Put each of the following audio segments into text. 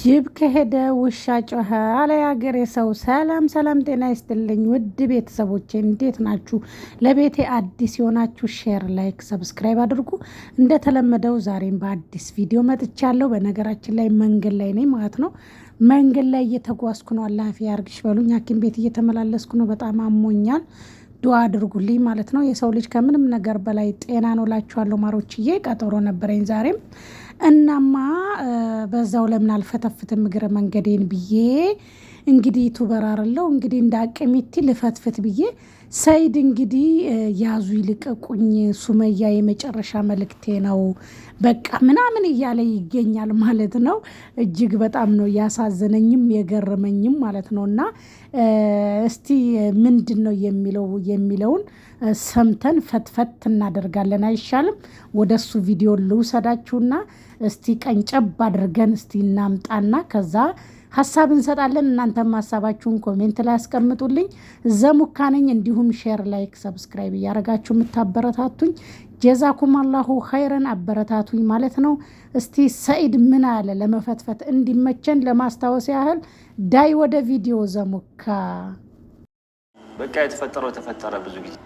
ጅብ ከሄደ ውሻ ጮኸ አለ የአገሬ ሰው። ሰላም ሰላም፣ ጤና ይስጥልኝ ውድ ቤተሰቦቼ እንዴት ናችሁ? ለቤቴ አዲስ የሆናችሁ ሼር፣ ላይክ፣ ሰብስክራይብ አድርጉ። እንደተለመደው ዛሬም በአዲስ ቪዲዮ መጥቻለሁ። በነገራችን ላይ መንገድ ላይ ነኝ ማለት ነው። መንገድ ላይ እየተጓዝኩ ነው። አላፊ አርግሽ በሉኝ። ሐኪም ቤት እየተመላለስኩ ነው። በጣም አሞኛል። ዱዓ አድርጉልኝ ማለት ነው። የሰው ልጅ ከምንም ነገር በላይ ጤና ነው እላችኋለሁ። ማሮችዬ ቀጠሮ ነበረኝ ዛሬም እናማ በዛው ለምን አልፈተፍትም እግረ መንገዴን ብዬ እንግዲህ ዩቱበር አለው እንግዲህ እንደ አቅሜቲ ልፈትፍት ብዬ ሰይድ እንግዲህ ያዙ ይልቀቁኝ፣ ሱመያ የመጨረሻ መልእክቴ ነው በቃ ምናምን እያለ ይገኛል ማለት ነው። እጅግ በጣም ነው ያሳዘነኝም የገረመኝም ማለት ነው። እና እስቲ ምንድን ነው የሚለው የሚለውን ሰምተን ፈትፈት እናደርጋለን አይሻልም? ወደ እሱ ቪዲዮ ልውሰዳችሁና እስቲ ቀንጨብ አድርገን እስቲ እናምጣና ከዛ ሀሳብ እንሰጣለን። እናንተም ሀሳባችሁን ኮሜንት ላይ ያስቀምጡልኝ። ዘሙካ ነኝ። እንዲሁም ሼር፣ ላይክ፣ ሰብስክራይብ እያደረጋችሁ የምታበረታቱኝ ጀዛኩም አላሁ ኸይረን አበረታቱኝ ማለት ነው። እስቲ ሰኢድ ምን አለ ለመፈትፈት እንዲመቸን ለማስታወስ ያህል ዳይ ወደ ቪዲዮ ዘሙካ በቃ የተፈጠረው ተፈጠረ። ብዙ ጊዜ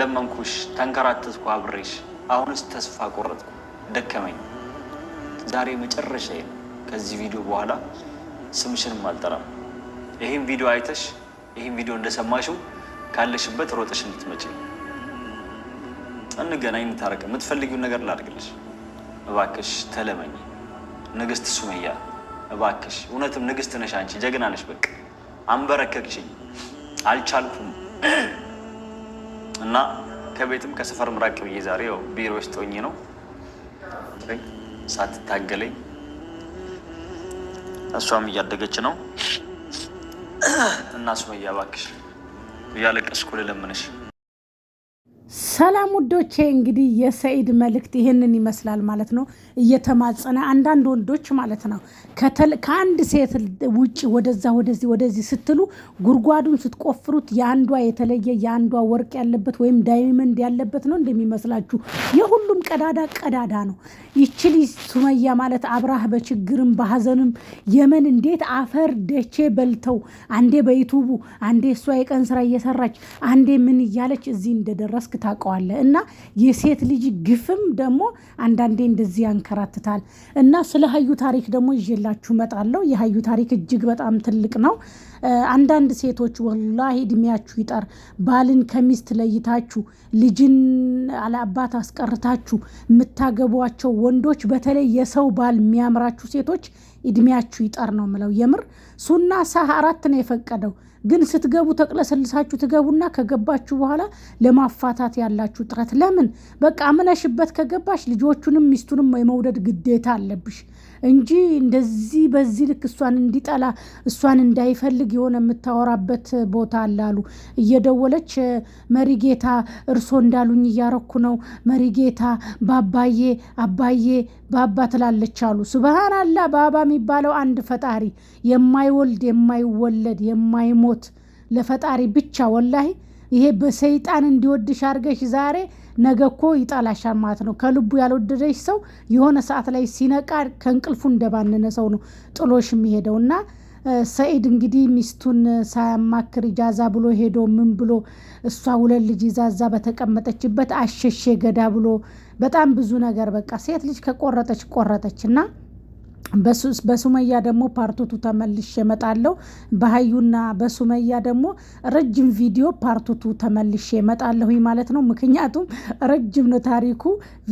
ለመንኩሽ፣ ተንከራተትኩ አብሬሽ። አሁንስ ተስፋ ቆረጥኩ፣ ደከመኝ። ዛሬ መጨረሻ ነው። ከዚህ ቪዲዮ በኋላ ስምሽንም አልጠራም። ይህም ቪዲዮ አይተሽ ይህም ቪዲዮ እንደሰማሽው ካለሽበት ሮጠሽ እንድትመጪ እንገናኝ፣ እንታረቅ። የምትፈልጊውን ነገር ላድርግልሽ። እባክሽ ተለመኝ። ንግስት ሱመያ እባክሽ፣ እውነትም ንግስት ነሽ አንቺ፣ ጀግና ነሽ። በቃ አንበረከክሽኝ፣ አልቻልኩም እና ከቤትም ከሰፈር ምራቅ ብዬ ዛሬ ያው ቢሮ ውስጥ ሆኜ ነው ሳትታገለኝ እሷም እያደገች ነው እና ሱመያ እባክሽ እያለቀስኩ ልለምንሽ ሰላም ውዶቼ እንግዲህ የሰኢድ መልእክት ይህንን ይመስላል ማለት ነው። እየተማጸነ አንዳንድ ወንዶች ማለት ነው ከአንድ ሴት ውጭ ወደዛ ወደዚህ ወደዚህ ስትሉ ጉድጓዱን ስትቆፍሩት የአንዷ የተለየ የአንዷ ወርቅ ያለበት ወይም ዳይመንድ ያለበት ነው እንደሚመስላችሁ። የሁሉም ቀዳዳ ቀዳዳ ነው። ይችል ሱመያ ማለት አብራህ በችግርም በሀዘንም የመን እንዴት አፈር ደቼ በልተው አንዴ በዩቱቡ አንዴ እሷ የቀን ስራ እየሰራች አንዴ ምን እያለች እዚህ እንደደረስ እንደደረስክ ታውቀዋለህ። እና የሴት ልጅ ግፍም ደግሞ አንዳንዴ እንደዚህ ያንከራትታል። እና ስለ ሀዩ ታሪክ ደግሞ ይዤላችሁ እመጣለሁ። የሀዩ ታሪክ እጅግ በጣም ትልቅ ነው። አንዳንድ ሴቶች ወላሂ እድሜያችሁ ይጠር ባልን ከሚስት ለይታችሁ ልጅን አለአባት አስቀርታችሁ የምታገቧቸው ወንዶች፣ በተለይ የሰው ባል የሚያምራችሁ ሴቶች እድሜያችሁ ይጠር ነው ምለው። የምር ሱና ሳህ አራት ነው የፈቀደው። ግን ስትገቡ ተቅለሰልሳችሁ ትገቡና ከገባችሁ በኋላ ለማፋታት ያላችሁ ጥረት ለምን በቃ ምነሽበት ከገባሽ ልጆቹንም ሚስቱንም የመውደድ ግዴታ አለብሽ። እንጂ እንደዚህ በዚህ ልክ እሷን እንዲጠላ እሷን እንዳይፈልግ የሆነ የምታወራበት ቦታ አለ አሉ። እየደወለች መሪጌታ እርሶ እንዳሉኝ እያረኩ ነው መሪጌታ ባባዬ አባዬ ባባ ትላለች አሉ። አላ ባባ የሚባለው አንድ ፈጣሪ የማይወልድ የማይወለድ የማይሞት ለፈጣሪ ብቻ ወላሂ ይሄ በሰይጣን እንዲወድሽ አድርገሽ ዛሬ ነገ እኮ ይጣላሻል ማለት ነው። ከልቡ ያልወደደች ሰው የሆነ ሰዓት ላይ ሲነቃ ከእንቅልፉ እንደባነነ ሰው ነው ጥሎሽ የሚሄደው እና ሰኢድ እንግዲህ ሚስቱን ሳያማክር ጃዛ ብሎ ሄዶ ምን ብሎ እሷ ሁለት ልጅ ይዛዛ በተቀመጠችበት አሸሼ ገዳ ብሎ በጣም ብዙ ነገር በቃ ሴት ልጅ ከቆረጠች ቆረጠች እና በሱመያ ደግሞ ፓርቶቱ ተመልሼ እመጣለሁ። በሀዩና በሱመያ ደግሞ ረጅም ቪዲዮ ፓርቱቱ ተመልሼ እመጣለሁ ማለት ነው። ምክንያቱም ረጅም ነው ታሪኩ።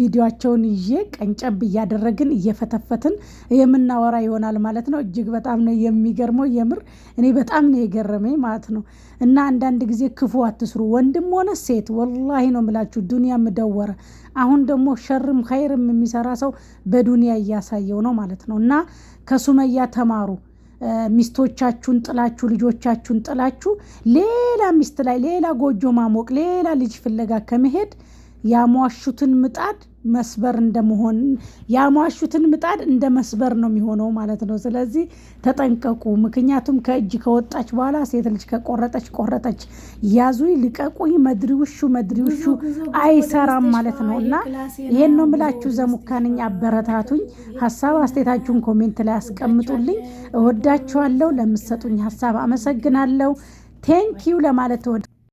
ቪዲዮቸውን ይዤ ቀንጨብ እያደረግን እየፈተፈትን የምናወራ ይሆናል ማለት ነው። እጅግ በጣም ነው የሚገርመው። የምር እኔ በጣም ነው የገረመኝ ማለት ነው። እና አንዳንድ ጊዜ ክፉ አትስሩ፣ ወንድም ሆነ ሴት። ወላሂ ነው የምላችሁ፣ ዱንያ ምደወረ። አሁን ደግሞ ሸርም ኸይርም የሚሰራ ሰው በዱንያ እያሳየው ነው ማለት ነው። እና ከሱመያ ተማሩ። ሚስቶቻችሁን ጥላችሁ ልጆቻችሁን ጥላችሁ ሌላ ሚስት ላይ ሌላ ጎጆ ማሞቅ ሌላ ልጅ ፍለጋ ከመሄድ ያሟሹትን ምጣድ መስበር እንደመሆን ያሟሹትን ምጣድ እንደ መስበር ነው የሚሆነው ማለት ነው። ስለዚህ ተጠንቀቁ። ምክንያቱም ከእጅ ከወጣች በኋላ ሴት ልጅ ከቆረጠች ቆረጠች፣ ያዙኝ ልቀቁኝ፣ መድሪ ውሹ መድሪ ውሹ አይሰራም ማለት ነው እና ይሄን ነው ምላችሁ። ዘሙካንኝ አበረታቱኝ። ሀሳብ አስተያየታችሁን ኮሜንት ላይ አስቀምጡልኝ። እወዳችኋለሁ። ለምሰጡኝ ሀሳብ አመሰግናለሁ። ቴንኪዩ ለማለት ወደ